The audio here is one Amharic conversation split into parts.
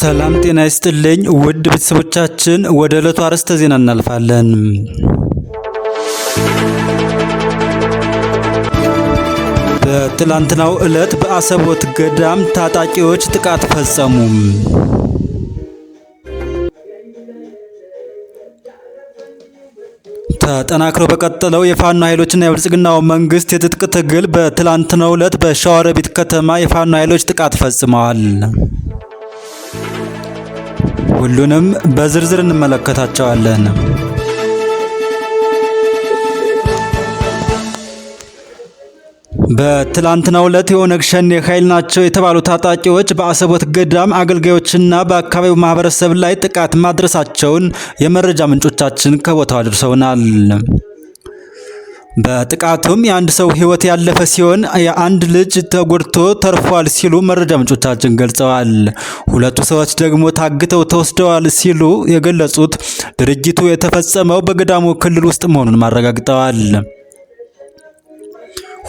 ሰላም ጤና ይስጥልኝ ውድ ቤተሰቦቻችን፣ ወደ ዕለቱ አርዕስተ ዜና እናልፋለን። በትላንትናው ዕለት በአሰቦት ገዳም ታጣቂዎች ጥቃት ፈጸሙ። ተጠናክሮ በቀጠለው የፋኖ ኃይሎችና የብልጽግናው መንግስት የትጥቅ ትግል በትላንትናው ዕለት በሸዋሮቢት ከተማ የፋኖ ኃይሎች ጥቃት ፈጽመዋል። ሁሉንም በዝርዝር እንመለከታቸዋለን። በትላንትናው ዕለት የኦነግ ሸኔ ኃይል ናቸው የተባሉ ታጣቂዎች በአሰቦት ገዳም አገልጋዮችና በአካባቢው ማህበረሰብ ላይ ጥቃት ማድረሳቸውን የመረጃ ምንጮቻችን ከቦታው አድርሰውናል። በጥቃቱም የአንድ ሰው ህይወት ያለፈ ሲሆን የአንድ ልጅ ተጎድቶ ተርፏል ሲሉ መረጃ ምንጮቻችን ገልጸዋል። ሁለቱ ሰዎች ደግሞ ታግተው ተወስደዋል ሲሉ የገለጹት ድርጊቱ የተፈጸመው በገዳሙ ክልል ውስጥ መሆኑን አረጋግጠዋል።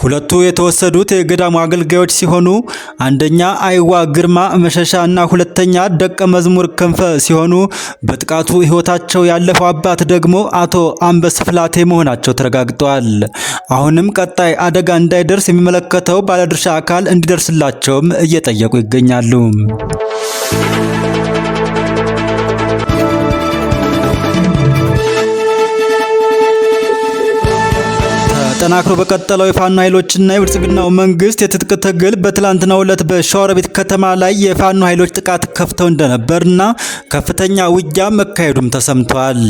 ሁለቱ የተወሰዱት የገዳሙ አገልጋዮች ሲሆኑ አንደኛ አይዋ ግርማ መሸሻ እና ሁለተኛ ደቀ መዝሙር ክንፈ ሲሆኑ በጥቃቱ ሕይወታቸው ያለፈው አባት ደግሞ አቶ አንበስ ፍላቴ መሆናቸው ተረጋግጠዋል። አሁንም ቀጣይ አደጋ እንዳይደርስ የሚመለከተው ባለድርሻ አካል እንዲደርስላቸውም እየጠየቁ ይገኛሉ። ተጠናክሮ በቀጠለው የፋኖ ኃይሎችና የብልጽግናው መንግስት የትጥቅ ትግል በትላንትናው ዕለት በሸዋሮቢት ከተማ ላይ የፋኖ ኃይሎች ጥቃት ከፍተው እንደነበርና ከፍተኛ ውጊያ መካሄዱም ተሰምቷል።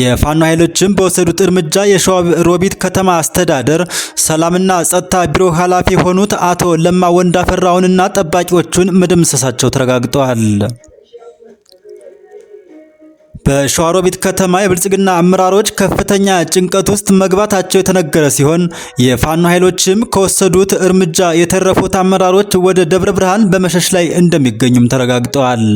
የፋኖ ኃይሎችም በወሰዱት እርምጃ የሸዋሮቢት ከተማ አስተዳደር ሰላምና ጸጥታ ቢሮ ኃላፊ የሆኑት አቶ ለማ ወንዳፈራውንና ጠባቂዎቹን መደምሰሳቸው ተረጋግጠዋል። በሸዋሮቢት ከተማ የብልጽግና አመራሮች ከፍተኛ ጭንቀት ውስጥ መግባታቸው የተነገረ ሲሆን የፋኖ ኃይሎችም ከወሰዱት እርምጃ የተረፉት አመራሮች ወደ ደብረ ብርሃን በመሸሽ ላይ እንደሚገኙም ተረጋግጠዋል።